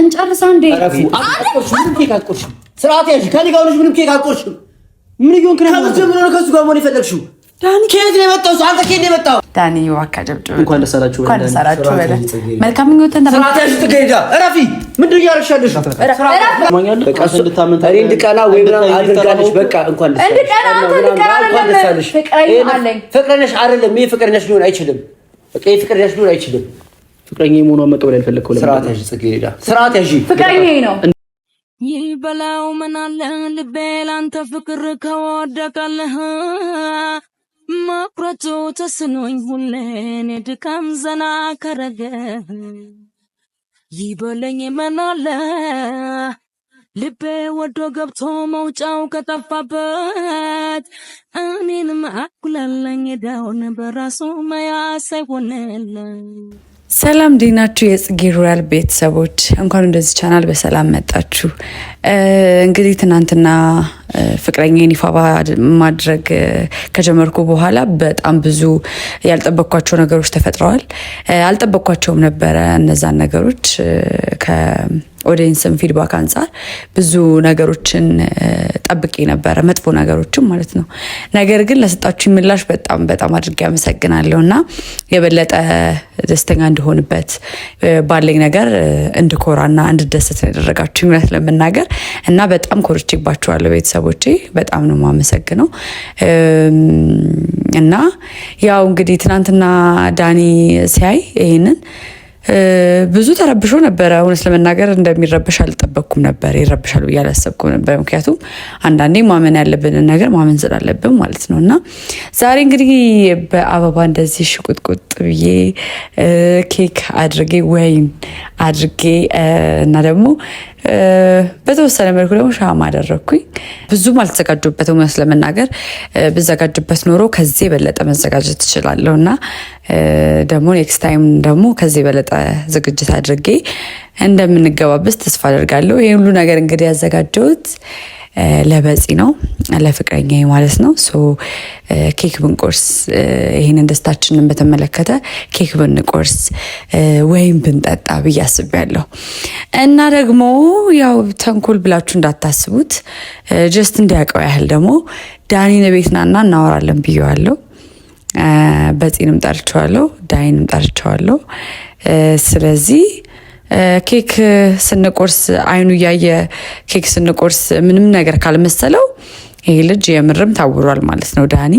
እንጨርሳ እንዴ ስርዓት ያዥ። ከኔ ጋር ሆነሽ ምንም ኬክ አትቆርሽም። ምን እየሆንክ ነው? ከሱ ጋር መሆን የፈለግሽው ከየት ነው የመጣው? አንተ ከየት ነው የመጣው? ዳኒ እባክህ አጨብጭብ። እንኳን ደስ አላችሁ። መልካም ምኞትን ስርዓት ያዥ። ትገዳ እረፊ። ምንድን እያረሻለሽ? እኔ እንድቀና ወይ ምናምን አድርጋለች። በቃ እንኳን ደስ አለሽ። ፍቅረኛሽ አይደለም ይሄ። ፍቅረኛሽ ሊሆን አይችልም። በቃ ይሄ ፍቅረኛሽ ሊሆን አይችልም። ፍቅረኛ የመሆኗ መቀበል ያልፈለግከው ስርዓት ያዥ ጽጌ ሄዳ ስርዓት ያዥ ፍቅረኛ ነው ይበላው በላው ምናለ ልቤ ላንተ ፍቅር ከወደቀልህ መቁረጡ ተስኖኝ ሁሌን ድካም ዘና ከረገ ይበለኝ ምናለ ልቤ ወዶ ገብቶ መውጫው ከጠፋበት እኔንም አኩላለኝ ዳውን በራሱ መያዝ አይሆንልኝ ሰላም ዲናችሁ የጽጌ ሮያል ቤተሰቦች እንኳን ወደዚህ ቻናል በሰላም መጣችሁ። እንግዲህ ትናንትና ፍቅረኛ ኒፋባ ማድረግ ከጀመርኩ በኋላ በጣም ብዙ ያልጠበቅኳቸው ነገሮች ተፈጥረዋል። አልጠበቅኳቸውም ነበረ እነዛን ነገሮች ኦዲየንስን ፊድባክ አንጻር ብዙ ነገሮችን ጠብቄ ነበረ፣ መጥፎ ነገሮችን ማለት ነው። ነገር ግን ለሰጣችሁ ምላሽ በጣም በጣም አድርጌ አመሰግናለሁ እና የበለጠ ደስተኛ እንድሆንበት ባለኝ ነገር እንድኮራና እንድደሰት ነው ያደረጋችሁ እውነት ለመናገር እና በጣም ኮርቼባችኋለሁ ቤተሰቦቼ፣ በጣም ነው የማመሰግነው። እና ያው እንግዲህ ትናንትና ዳኒ ሲያይ ይሄንን ብዙ ተረብሾ ነበረ። እውነት ለመናገር እንደሚረብሽ አልጠበቅኩም ነበር። ይረብሻል ብዬ አላሰብኩም ነበር። ምክንያቱም አንዳንዴ ማመን ያለብንን ነገር ማመን ስላለብን ማለት ነው። እና ዛሬ እንግዲህ በአበባ እንደዚህ ሽቁጥቁጥ ብዬ ኬክ አድርጌ ወይን አድርጌ እና ደግሞ በተወሰነ መልኩ ደግሞ ሻማ አደረግኩኝ። ብዙም አልተዘጋጁበት እውነት ለመናገር ብዘጋጅበት ኖሮ ከዚህ የበለጠ መዘጋጀት ትችላለሁ እና ደግሞ ኔክስት ታይም ደግሞ ከዚህ የበለጠ ዝግጅት አድርጌ እንደምንገባበስ ተስፋ አደርጋለሁ። ይህ ሁሉ ነገር እንግዲህ ያዘጋጀሁት ለበፂ ነው ለፍቅረኛ ማለት ነው። ሶ ኬክ ብንቆርስ ይህንን ደስታችንን በተመለከተ ኬክ ብንቆርስ ወይም ብንጠጣ ብዬ አስቤያለሁ። እና ደግሞ ያው ተንኮል ብላችሁ እንዳታስቡት፣ ጀስት እንዲያውቀው ያህል ደግሞ ዳኒን ቤት ናና እናወራለን ብዬዋለሁ። በፂንም ጠርቸዋለሁ፣ ዳኒንም ጠርቸዋለሁ። ስለዚህ ኬክ ስንቆርስ አይኑ እያየ ኬክ ስንቆርስ ምንም ነገር ካልመሰለው ይሄ ልጅ የምርም ታውሯል ማለት ነው ዳኒ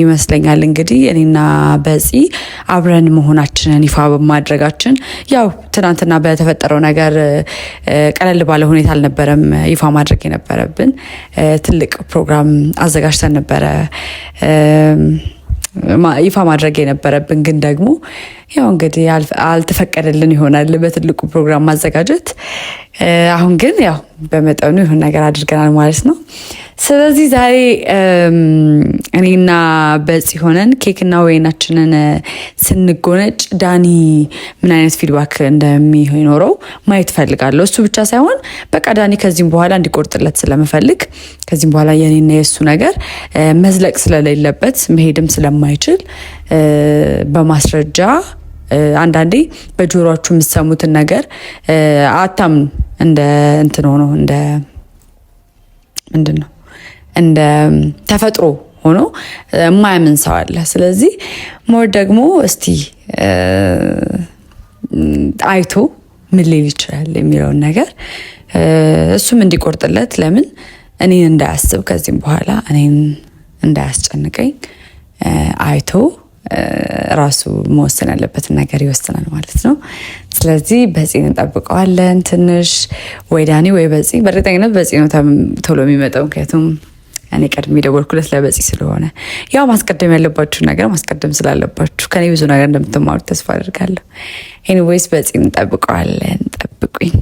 ይመስለኛል እንግዲህ እኔና በፂ አብረን መሆናችንን ይፋ በማድረጋችን ያው ትናንትና በተፈጠረው ነገር ቀለል ባለ ሁኔታ አልነበረም ይፋ ማድረግ የነበረብን። ትልቅ ፕሮግራም አዘጋጅተን ነበረ። ይፋ ማድረግ የነበረብን ግን ደግሞ ያው እንግዲህ አልተፈቀደልን ይሆናል በትልቁ ፕሮግራም ማዘጋጀት። አሁን ግን ያው በመጠኑ ይሁን ነገር አድርገናል ማለት ነው። ስለዚህ ዛሬ እኔና በጽ ሆነን ኬክና ወይናችንን ስንጎነጭ ዳኒ ምን አይነት ፊድባክ እንደሚኖረው ማየት ፈልጋለሁ። እሱ ብቻ ሳይሆን በቃ ዳኒ ከዚህም በኋላ እንዲቆርጥለት ስለምፈልግ ከዚህም በኋላ የኔና የእሱ ነገር መዝለቅ ስለሌለበት መሄድም ስለማይችል በማስረጃ አንዳንዴ በጆሮችሁ የምትሰሙትን ነገር አታም እንደ እንትን ሆኖ እንደ ምንድን ነው እንደ ተፈጥሮ ሆኖ የማያምን ሰው አለ። ስለዚህ ሞር ደግሞ እስቲ አይቶ ምን ሊል ይችላል የሚለውን ነገር እሱም እንዲቆርጥለት ለምን እኔን እንዳያስብ ከዚህም በኋላ እኔን እንዳያስጨንቀኝ አይቶ ራሱ መወሰን ያለበትን ነገር ይወስናል ማለት ነው። ስለዚህ በፂ እንጠብቀዋለን ትንሽ ወይ ዳኒ ወይ በፂ በእርግጠኝነት በፂ ነው ቶሎ የሚመጣው ምክንያቱም እኔ ቀድሜ የደወልኩለት ለበፂ ስለሆነ ያው ማስቀደም ያለባችሁ ነገር ማስቀደም ስላለባችሁ ከኔ ብዙ ነገር እንደምትማሩ ተስፋ አድርጋለሁ። ኤኒዌይስ በፂ እንጠብቀዋለን፣ ጠብቁኝ።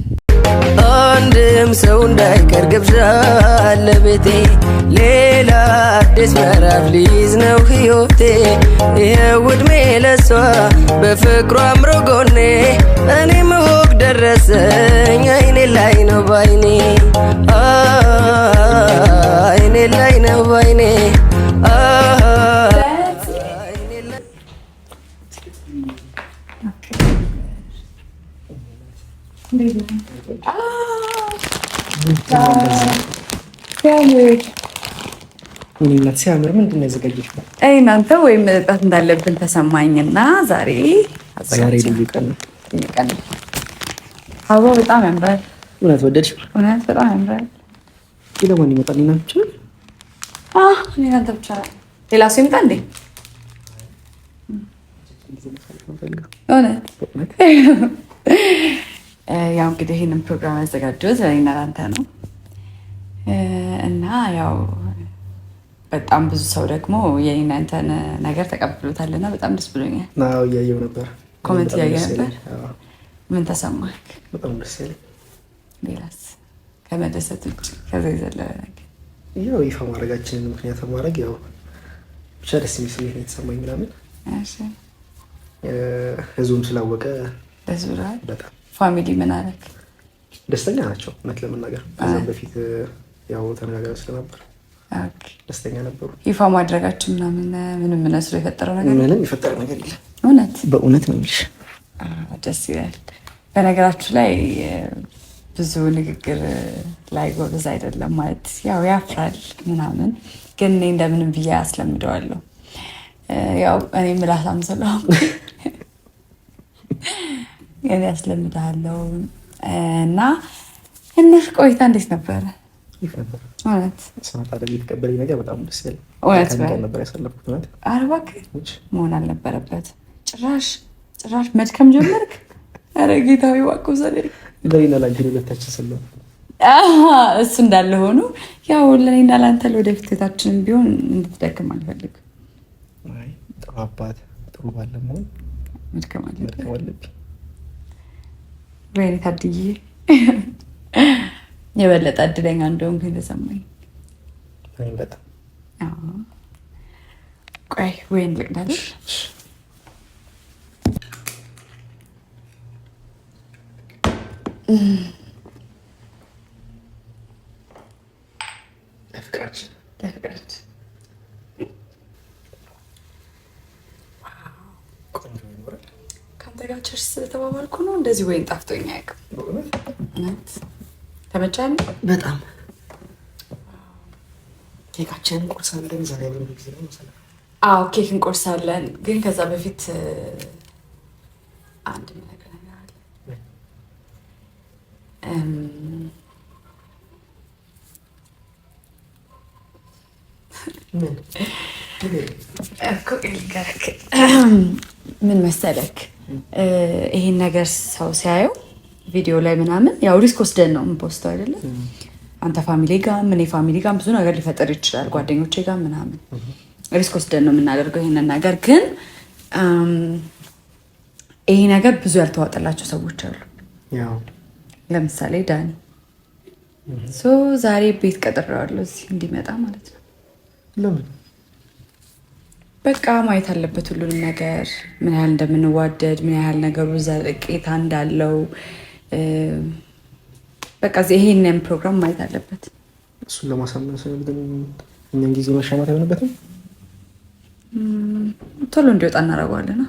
አንድም ሰው እንዳይቀር ግብዣ ለቤቴ ሌላ አዲስ ምዕራፍ ሊይዝ ነው ህይወቴ ይኸው ዕድሜ ለሷ በፍቅሯ አምሮ ጎኔ እኔም ደረሰኝ ላይ ነው ባይኔ አይኔ ላይ ነው ባይኔ ምንነት ሲያምር ምንድን ነው ያዘጋጀሽ? እናንተ ወይም መጠጣት እንዳለብን ተሰማኝና ዛሬ ዛሬ ልዩ ቀን ነው። አበባ በጣም ያምራል። እውነት ወደድሽ? እውነት በጣም ያምራል። ሌላ ማን ይመጣል? ሌላ ብቻ አንተ ብቻ። ሌላ ሰው ይምጣ እንዴ? እውነት ያው እንግዲህ ይህንን ፕሮግራም ያዘጋጀሁት ለእኔና ለአንተ ነው እና ያው በጣም ብዙ ሰው ደግሞ የእኔና አንተን ነገር ተቀብሎታል እና በጣም ደስ ብሎኛል። እያየሁ ነበር፣ ኮመንት እያየ ነበር። ምን ተሰማህ? በጣም ደስ ያለኝ ሌላስ ከመደሰት ውጭ ከዛ የዘለበ ነገር ያው ይፋ ማድረጋችንን ምክንያት ማድረግ ያው ብቻ ደስ የሚል ስሜት ነው የተሰማኝ ምናምን ህዝቡም ስላወቀ ደስ ብሏል በጣም ፋሚሊ ምን አደረግ ደስተኛ ናቸው እውነት ለመናገር ከዛም በፊት ያው ተነጋግረን ስለነበር ደስተኛ ነበሩ ይፋ ማድረጋችን ምናምን ምንም እነሱ የፈጠረው ነገር ምንም የፈጠረው ነገር የለም እውነት በእውነት ነው የሚልሽ ደስ ይላል በነገራችሁ ላይ ብዙ ንግግር ላይ ጎበዝ አይደለም ማለት ያው ያፍራል ምናምን፣ ግን እኔ እንደምንም ብዬ አስለምደዋለሁ። ያው እኔ ምላሳም ስለሆንኩ ግን አስለምዳለሁ። እና ትንሽ ቆይታ እንዴት ነበረ? እውነት ስመጣ ደግሞ የተቀበለኝ ነገር በጣም ደስ ይላል። ነበር ያሳለፍኩት። እውነት አርባ መሆን አልነበረበት። ጭራሽ ጭራሽ መድከም ጀመርክ። ኧረ ጌታዊ ዋቁ ዘዴ ለኔና ላንቺ ሁለታችን ስለሆነ እሱ እንዳለ ሆኖ ያው ለኔና ላንተ ለወደፊት ቤታችንም ቢሆን እንድትደክም አልፈልግም። ጥሩ አባት፣ ጥሩ ባል ለመሆን መድከም አለብኝ። ወይኔ ታድዬ የበለጠ እድለኛ እንደውም ግን ተሰማኝ በጣም ቆይ ወይን ልቅዳለሽ ስለተባባልኩ ነው። እንደዚህ ወይን ጣፍቶኛ በጣም ኬካችን እንቆርሳለን። ኬክ እንቆርሳለን ግን ከዛ በፊት ምን መሰለክ፣ ይሄን ነገር ሰው ሲያየው ቪዲዮ ላይ ምናምን ያው ሪስክ ወስደን ነው የምንፖስተው አይደለም። አንተ ፋሚሊ ጋር እኔ ፋሚሊ ጋር ብዙ ነገር ሊፈጠር ይችላል፣ ጓደኞቼ ጋር ምናምን ሪስክ ወስደን ነው የምናደርገው ይሄንን ነገር። ግን ይሄ ነገር ብዙ ያልተዋጠላቸው ሰዎች አሉ። ለምሳሌ ዳኒ ዛሬ ቤት ቀጥረዋለሁ እዚህ እንዲመጣ ማለት ነው ለምን በቃ ማየት አለበት ሁሉንም ነገር ምን ያህል እንደምንዋደድ ምን ያህል ነገሩ ዘለቄታ እንዳለው በቃ ይሄንን ፕሮግራም ማየት አለበት። እሱን ለማሳመን ስንል እኛን ጊዜ መሻማት አይሆንበትም። ቶሎ እንዲወጣ እናደርገዋለና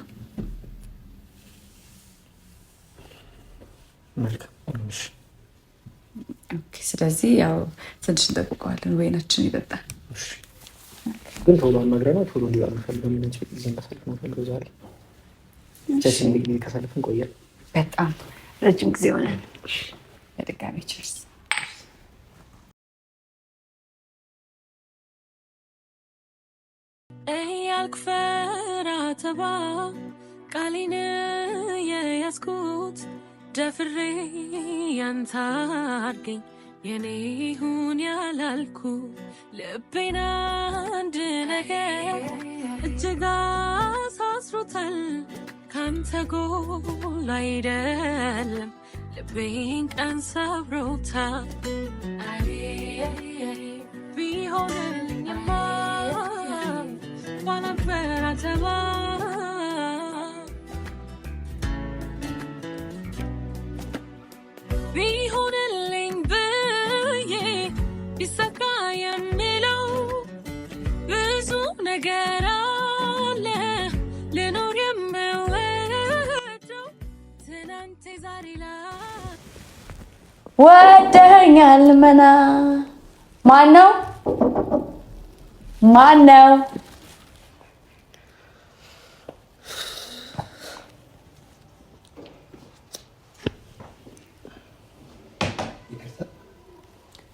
ስለዚህ ያው ትንሽ እንጠብቀዋለን። ወይናችን ይጠጣል። ግን ቶሎ አናግረ ነው ቶሎ እንዲሁ አንፈልገም። ቻችን በጣም ረጅም ጊዜ ሆነ። በድጋሚ ችርስ እያልኩ ፈራ ተባ የያዝኩት ደፍሬ ያንታ አድርገኝ የኔ ይሁን ያላልኩ ልቤን አንድ ነገር እጅግ አሳስሮታል። ካንተ ጎል አይደለም ልቤን ቀን ሰብሮታል። ቢሆንልኝማ ኋላበር አተባ ቢሆን ነገር አለ ልኖር የምወደው ትናንት ዛሬ ላይ ወደኸኛል መና ማን ነው ማን ነው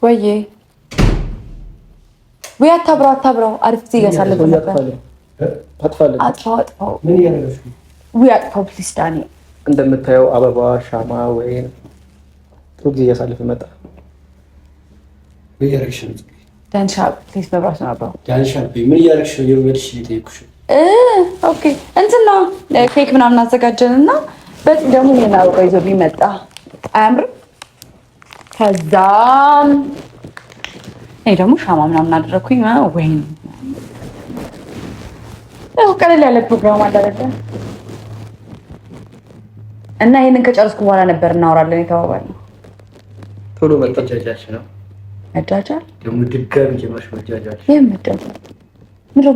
ወይዬ ወይ አታብራው አታብራው። አሪፍ ጊዜ እያሳለፍን ነበር። አጥፋው አጥፋው፣ ወይ አጥፋው ፕሊስ። ዳኒ እንደምታየው አበባ፣ ሻማ ወይም ጥሩ ጊዜ እያሳለፍን መጣ። ዳንሻ ፕሊስ፣ ዳንሻ ምን እያደረግሽ ነው? እየጠየኩሽ ኦኬ እንትን ነው ኬክ ምናምን አዘጋጀን እና በጥ ደግሞ ይሄን ይዞ ቢመጣ አያምርም? ከዛም እኔ ደግሞ ሻማ ምናምን አደረግኩኝ። ያው ቀለል ያለ ፕሮግራም አላደረገ እና ይህንን ከጨረስኩ በኋላ ነበር እናወራለን የተባባልነው። ቶሎ መጃጃች ነው መጃጃል ደግሞ ድጋሚ ጀማሽ መጃጃል። ይህ መጃጃል ምንድን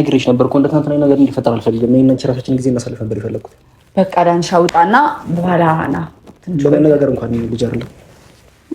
ነግሬሽ ነበር እኮ እንደ ትናንትና ነገር እንዲፈጠር አልፈልግም። እኔ ራሳችን ጊዜ እናሳልፍ ነበር የፈለግኩት። በቃ ዳንሻ ውጣና በኋላ ና ለመነጋገር እንኳን ልጅ አይደለም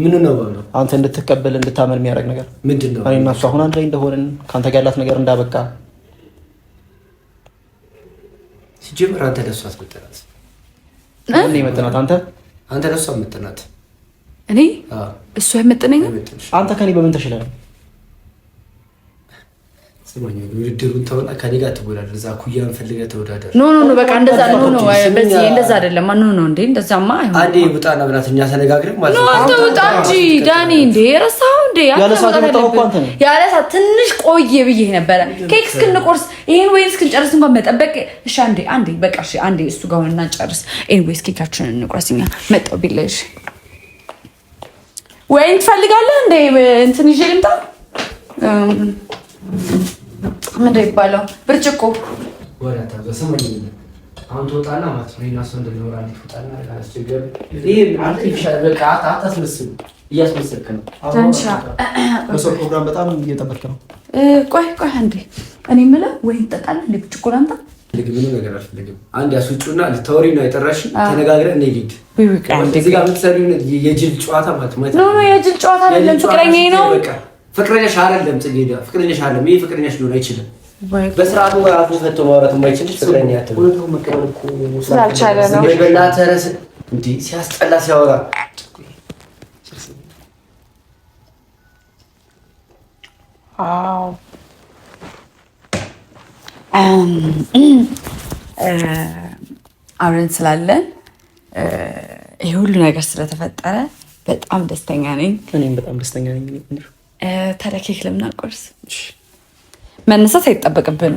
ምን ነው አንተ እንድትቀበል እንድታመን የሚያደርግ ነገር ምንድን ነው? እኔና እሱ አሁን አንድ ላይ እንደሆንን ከአንተ ጋር ያላት ነገር እንዳበቃ ሲጀምር አንተ ለሷ አትመጥናት። እኔ መጥናት አንተ አንተ ለሷ መጥናት እኔ እሱ አይመጥነኝም። አንተ ከኔ በምን ተሽለህ ነው ስማኝ ውድድሩን ተውና ከኔ ጋር ትወዳደር። እዛ ኩያን ፈልገህ ተወዳደር። ኖ ኖ ኖ በቃ እንደዛ ኖ ኖ በዚህ እንደዛ አይደለም። ኖ ኖ እንዴ እንደዛማ አይሆን። አንዴ ውጣ ብላት እኛ ተነጋግረን ማለት ነው። አንተ ውጣ እንጂ ዳኒ። እንዴ ረሳሁ እንዴ ያለ ሰዓት ትንሽ ቆየ ብዬ ነበረ። ኬክ እስክንቆርስ ይሄን ወይ እስክንጨርስ እንኳን መጠበቅ እሺ። አንዴ አንዴ በቃ እሺ አንዴ እሱ ጋር ሆነና ጨርስ። ኤኒዌይስ ኬካችንን እንቁረስ። እኛ መጣሁ ቢል እሺ። ወይን ትፈልጋለህ እንዴ? እንትን ይዤ ልምጣ ምንድን ይባለው የሚባለው? ብርጭቆ ወራታ አሁን ትወጣና ማለት ነው። ይህና እናሱ እንደሚወራል ትወጣና አስቸገር። ይሄ አርቲፊሻል በቃ አታስመስል፣ እያስመሰልክ ነው። በሰው ፕሮግራም በጣም እየጠበክ ነው። ቆይ ቆይ አንዴ እኔ የምልህ ወይ እንጠጣለን እንደ ብርጭቆ ላምጣ። ምንም ነገር አልፈልግም። አንድ ያስውጩና ልታወሪ ነው አይጠራሽ፣ ተነጋግረን እንሂድ። እዚህ ጋር የምትሰሪውን የጅል ጨዋታ ማለት ነው። የጅል ጨዋታ አይደለም፣ ፍቅረኛ ነው ፍቅረኛሽ አይደለም ጽጌ ሄዳ ፍቅረኛሽ አይደለም። ይሄ ፍቅረኛሽ ሊሆን አይችልም። በስርዓቱ አፉ ፈቶ ማውራት የማይችል ፍቅረኛ ነው። ስላልቻለ ሲያስጠላ ሲያወራ አብረን ስላለን ይህ ሁሉ ነገር ስለተፈጠረ በጣም ደስተኛ ነኝ። እኔም በጣም ደስተኛ ነኝ። ታዲያ ኬክ ለምን መነሳት አይጠበቅብንም።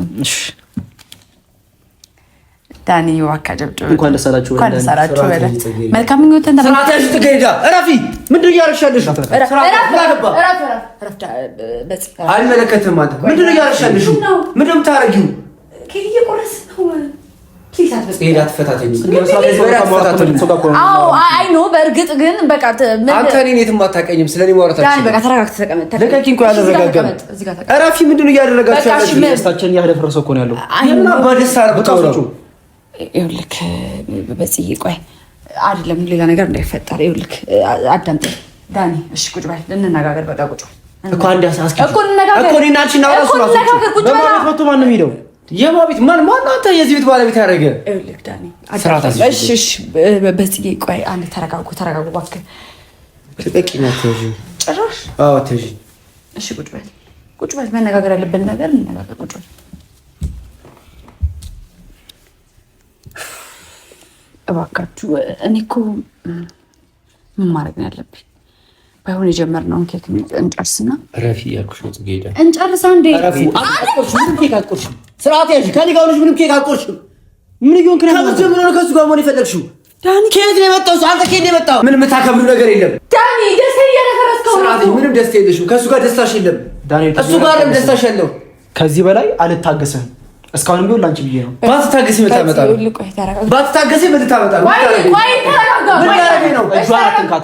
ዳኒ ዋካ ጨብጭብ። እንኳን ደስ አላችሁ። መልካም ምኞትን እረፊ። ምንድን እያረሻለሽ? ምንድን እያረሻለሽ? ምንድን ኬክ ነው ጽሄድ አትፈታተኝ። አይ ኖ በእርግጥ ግን በቃ አንተ እኔን የትም አታውቀኝም። ስለኔ ማውራት ለቀቂ እንኳ ያደረጋገም እረፊ። ምንድን ነው እያደረጋችሁ ያለስታችን ያደፈረሰ እኮ ነው ያለው እና በደስታ ብታወራጩ ይኸውልህ፣ በጽዬ ቆይ፣ አይደለም ሌላ ነገር እንዳይፈጠር ይኸውልህ፣ አዳምጥ ዳኒ፣ እሺ ቁጭ በል እንነጋገር። በቃ ቁጭ እኮ አንድ እኮ እኔና አንቺ እናወራ እሱ እራሱ በማለት መቶ ማንም ሄደው የማ ቤት ማን ማን አንተ የዚህ ቤት ባለቤት ያደረገ በጽጌ ቆይ አንድ ተረጋጉ ተረጋጉ እባክህ ጭራሽ እሺ ቁጭ በል ቁጭ በል መነጋገር ያለብን ነገር እንነጋገር ቁጭ በል እባካችሁ እኔ እኮ ምን ማድረግ ነው ያለብኝ ባይሆን የጀመርነውን ኬክ እንጨርስና ረፊ ያልኩሽ ነው ጽጌ ሄዳ እንጨርስ። አንዴ ምንም ኬክ አትቆርሽም። ስርዓት ያዥ። ከኔ ጋር ሆነሽ ምንም ኬክ አትቆርሽም። ምን እየሆንክ ነው? ጀምሮ ነው ከሱ ጋር መሆን የፈለግሽው። ዳኒ ከየት ነው የመጣው? አንተ ከየት ነው የመጣው? ምን የምታከብሉ ነገር የለም። ዳኒ ደስ እያለፈረስከው ነው። ምንም ደስ የለሽም። ከእሱ ጋር ደስታሽ የለም። እሱ ጋር ለም ደስታሽ ያለው። ከዚህ በላይ አልታገስም። እስካሁንም ቢሆን ላንቺ ብዬ ነው። ባትታገስ ምን ታመጣለህ? ባትታገስ ምን ታመጣለህ? ምን ያደረገኝ ነው? እጇን አትንካት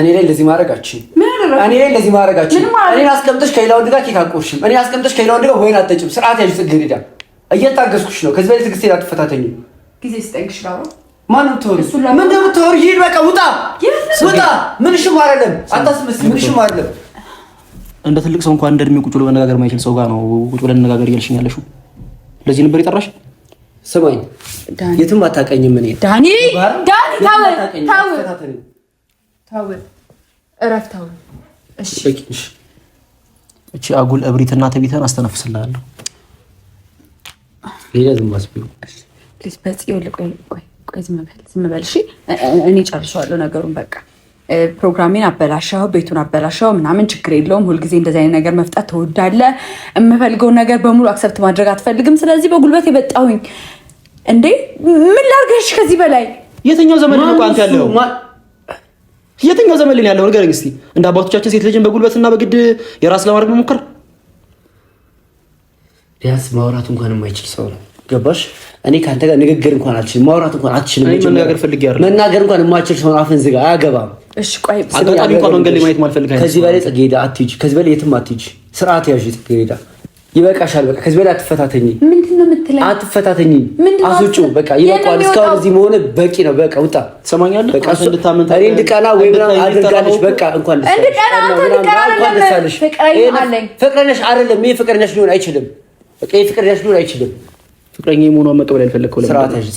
እኔ ላይ እንደዚህ ማድረጋችን እኔ ላይ እንደዚህ ማድረጋችን እኔን አስቀምጠሽ ከሌላ ወንድ ጋር ኬክ አትቆርሽም። እኔ አስቀምጠሽ ከሌላ ወንድ ጋር ወይን አትጠጭም። ስርዓት ያዥ ጽጌ ረዳ፣ እየታገዝኩሽ ነው። ከዚህ በላይ ትዕግስቴን አትፈታተኝ። ጊዜ ስጠይቅሽ ማን ምትወሪ ምን እንደምትወሪ ይሄድ። በቃ ውጣ ውጣ። ምንሽም አይደለም፣ አታስመስል። ምንሽም አይደለም። እንደ ትልቅ ሰው እንኳን እንደ እድሜ ቁጭ ብሎ መነጋገር ማይችል ሰው ጋር ነው ቁጭ ብለን እንነጋገር እያልሽኝ ያለሽው። ለዚህ ነበር የጠራሽ? ስማኝ፣ የትም አታቀኝም። እኔ ዳኒ ዳኒ ታወል ታወል ታወል እረፍ ታወል። እሺ እቺ አጉል እብሪትና ትዕቢትን አስተነፍስልሃለሁ። ሌላ ዝም አስቢው ፕሊዝ። በጽዮን ቆይ ቆይ፣ ዝም በል ዝም በል። እሺ እኔ ጨርሻለሁ ነገሩን በቃ ፕሮግራሜን አበላሻው፣ ቤቱን አበላሻው ምናምን ችግር የለውም። ሁልጊዜ እንደዚህ አይነት ነገር መፍጣት ትወዳለህ። የምፈልገውን ነገር በሙሉ አክሰብት ማድረግ አትፈልግም። ስለዚህ በጉልበት የበጣሁኝ እንዴ ምን ላርገሽ? ከዚህ በላይ የትኛው ዘመን ነው ቋንት ያለው? የትኛው ዘመን ላይ ያለው ነገር እንግስቲ፣ እንደ አባቶቻችን ሴት ልጅን በጉልበትና በግድ የራስ ለማድረግ መሞከር ቢያንስ ማውራት እንኳን የማይችል ሰው ነው። ገባሽ? እኔ ከአንተ ጋር ንግግር እንኳን አልችልም፣ ማውራት እንኳን አትችልም፣ መናገር እንኳን የማችል ሰው አፍን ዝጋ፣ አያገባም እሺ ቆይ አጋጣሚ እንኳን መንገድ ላይ ማየት ማልፈልግ ከዚህ በላይ አትሂጂ፣ ከዚህ በላይ የትም አትሂጂ። ስርዓት ያዥ ይበቃሻል። በቃ ከዚህ በላይ አትፈታተኝ። ምንድነው የምትለኝ? አትፈታተኝ፣ አስወጪው። በቃ ይበቃዋል። እስካሁን እዚህ መሆን በቂ ነው። በቃ ውጣ። ትሰማኛለህ? በቃ እንድቀና ወይ ምናምን አድርጋለች። በቃ እንኳን ፍቅረኛሽ አይደለም ይሄ ፍቅረኛሽ ሊሆን አይችልም። በቃ ፍቅረኛሽ ሊሆን አይችልም። ፍቅረኛ መሆኗን መቀበል ያልፈለግከው ስርዓት ያዥ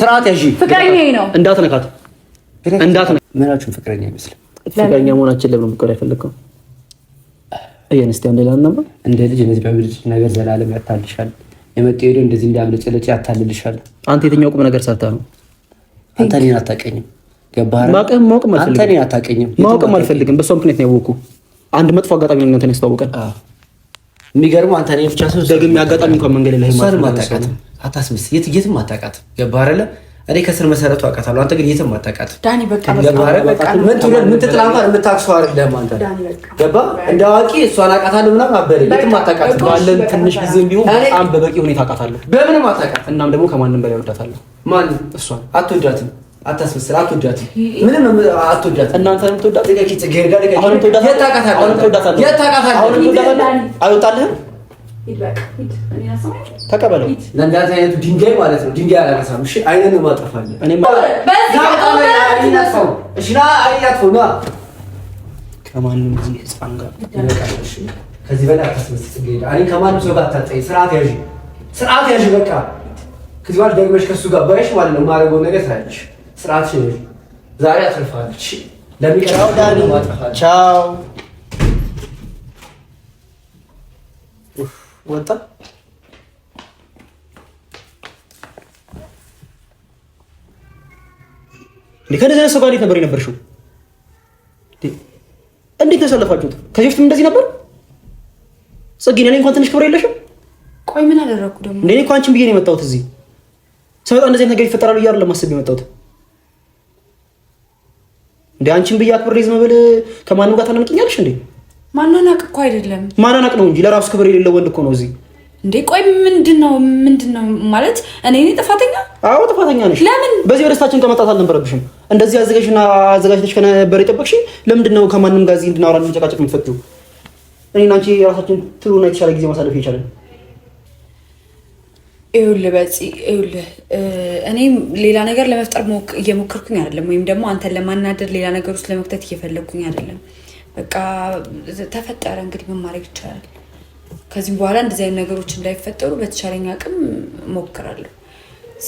ስርዓት ያዥ። ፍቅረኛ ነው እንዳትነካት፣ እንዳትነካት ምናችሁም ፍቅረኛ አይመስልም። ፍቅረኛ መሆናችን ለምን መቆር አይፈልግም? እየነስቲ አንድ ላና እንደ ልጅ እነዚህ በምድር ነገር ዘላለም ያታልሻል። የመጣ ሄዶ እንደዚህ እንዳያምለጨለጭ ያታልልሻል። አንተ የትኛው ቁም ነገር ሰርታ ነው? አንተ እኔን አታውቀኝም። ገባህ? አንተ እኔን አታውቀኝም። ማወቅም አልፈልግም። በእሷ ምክንያት ነው ያወኩህ። አንድ መጥፎ አጋጣሚ ነው እናንተን ያስተዋወቀን። የሚገርመው አንተ እኔን ብቻ ሰው ደግሜ አጋጣሚ እንኳን መንገድ ላይ አታስብስ፣ የትም አታውቃትም። ገባህ አይደለ? እኔ ከስር መሰረቱ አውቃታለሁ። አንተ ግን የትም አታውቃትም። ዳኒ በቃ ምን ገባ እንደ አዋቂ እሷን አውቃታለሁ ምናምን አበሬ የትም አታውቃትም። ባለን ትንሽ ጊዜ ቢሆን በጣም በበቂ ሁኔታ አውቃታለሁ። በምንም አታውቃት። እናም ደግሞ ከማንም በላይ ወዳታለሁ። ማን እሷን? አትወዳትም። አታስመስል። አትወዳትም። ምንም አትወዳትም። እናንተ ነው ተቀበለው። ለእንዳዚህ አይነቱ ድንጋይ ማለት ነው። ድንጋይ አላነሳም። እሺ፣ አይነን ማጠፋለን። ከማንም እዚህ ህፃን ጋር ከዚህ በላይ ከማንም ሰው ጋር አታጣይ። ስርዓት ያዥ፣ ስርዓት ያዥ። በቃ ከዚህ በኋላ ደግመሽ ከሱ ጋር ባይሽ ማለት ነው የማደርገው ነገር ታያለሽ። ስርዓት ዛሬ አትርፋለች። ለሚቀራው ዳኒ ቻው ወጣ ከእንደዚህ ሰው ጋር እንዴት ነበር የነበርሽው? እንዴት ተሰለፋችሁት? ከዚህ በፊትም እንደዚህ ነበር። ጽጌ እኔ እንኳን ትንሽ ክብር የለሽም። ቆይ ምን አደረግኩ ደግሞ? እኔ አንቺን ብዬ ነው የመጣሁት። እዚህ ስመጣ እንደዚህ ነገር ይፈጠራሉ እያሉ ለማሰብ የመጣሁት እንደ አንቺን ብዬ አክብሬ ዝም ብል ከማንም ጋር ታናንቅኛለሽ እንዴ? ማናናቅ እኮ አይደለም፣ ማናናቅ ነው እንጂ ለራሱ ክብር የሌለው ወንድ እኮ ነው እዚህ። እንዴ ቆይ ምንድን ነው ምንድን ነው ማለት? እኔ እኔ ጥፋተኛ? አዎ ጥፋተኛ ነሽ። ለምን በዚህ ወደስታችን ከመጣት አልነበረብሽም። እንደዚህ አዘጋጅና አዘጋጅተሽ ከነበር የጠበቅሽ ለምንድን ነው ከማንም ጋር እዚህ እንድናወራ እንድንጨቃጨቅ የምትፈቅጂው? እኔና አንቺ የራሳችን ትሉና የተሻለ ጊዜ ማሳለፍ ይቻላል። ይኸውልህ በጽ ይኸውልህ እኔ ሌላ ነገር ለመፍጠር እየሞከርኩኝ አይደለም፣ ወይም ደግሞ አንተን ለማናደድ ሌላ ነገር ውስጥ ለመክተት እየፈለግኩኝ አይደለም በቃ ተፈጠረ እንግዲህ ምን ማድረግ ይቻላል። ከዚህም በኋላ እንደዚህ አይነት ነገሮች እንዳይፈጠሩ በተቻለኝ አቅም እሞክራለሁ።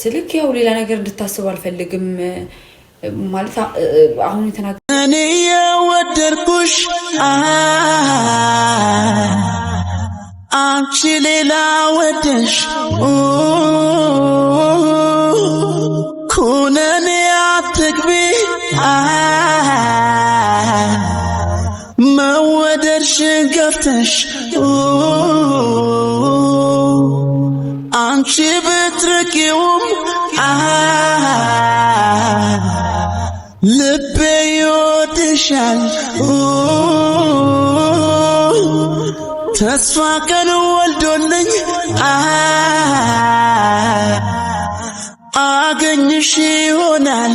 ስልክ ያው ሌላ ነገር እንድታስቡ አልፈልግም። ማለት አሁን የተናገ እኔ የወደድኩሽ አንቺ ሌላ ወደሽ ኩነኔ አትግቢ መወደድሽ ገፍተሽ አንቺ ብትርቂውም ልቤ ይወድሻል ተስፋ ቀን ወልዶልኝ አገኝሽ ይሆናል